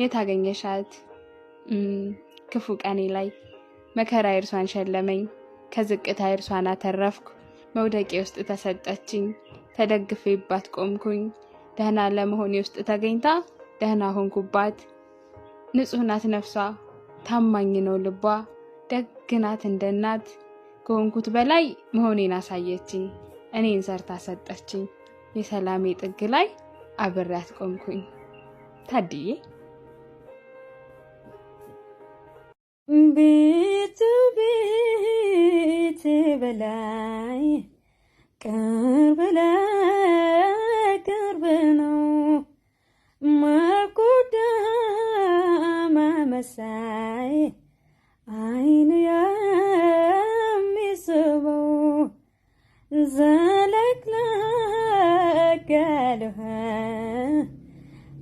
የት አገኘሻት? ክፉ ቀኔ ላይ መከራ እርሷን ሸለመኝ፣ ከዝቅታ እርሷን አተረፍኩ። መውደቂ ውስጥ ተሰጠችኝ፣ ተደግፌባት ቆምኩኝ። ደህና ለመሆን ውስጥ ተገኝታ ደህና ሆንኩባት። ንጹሕ ናት ነፍሷ፣ ታማኝ ነው ልቧ፣ ደግ ናት እንደ እናት። ከሆንኩት በላይ መሆኔን አሳየችኝ፣ እኔን ሰርታ ሰጠችኝ። የሰላሜ ጥግ ላይ አብሬያት ቆምኩኝ። ታድዬ ቤቱ ቤት በላይ ቅርብ ለቅርብ ነው ማቆዳማ መሳይ አይን የሚስበው ዘለቅላቅ ያለህ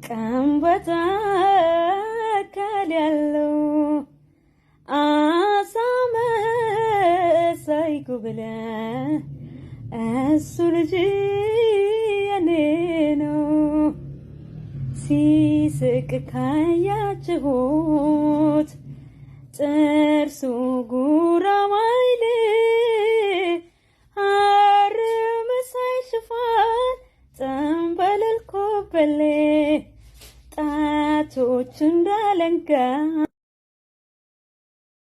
ቀንበታ ከልያል ብለ እሱ ልጅ የኔ ነው ሲስቅ ካያችሁት ጥርሱ ጉራማይሌ አይልም ሐር መሳይ ሽፋን ጠንበለልኮበሌ ጣቶች እንዳለንጋ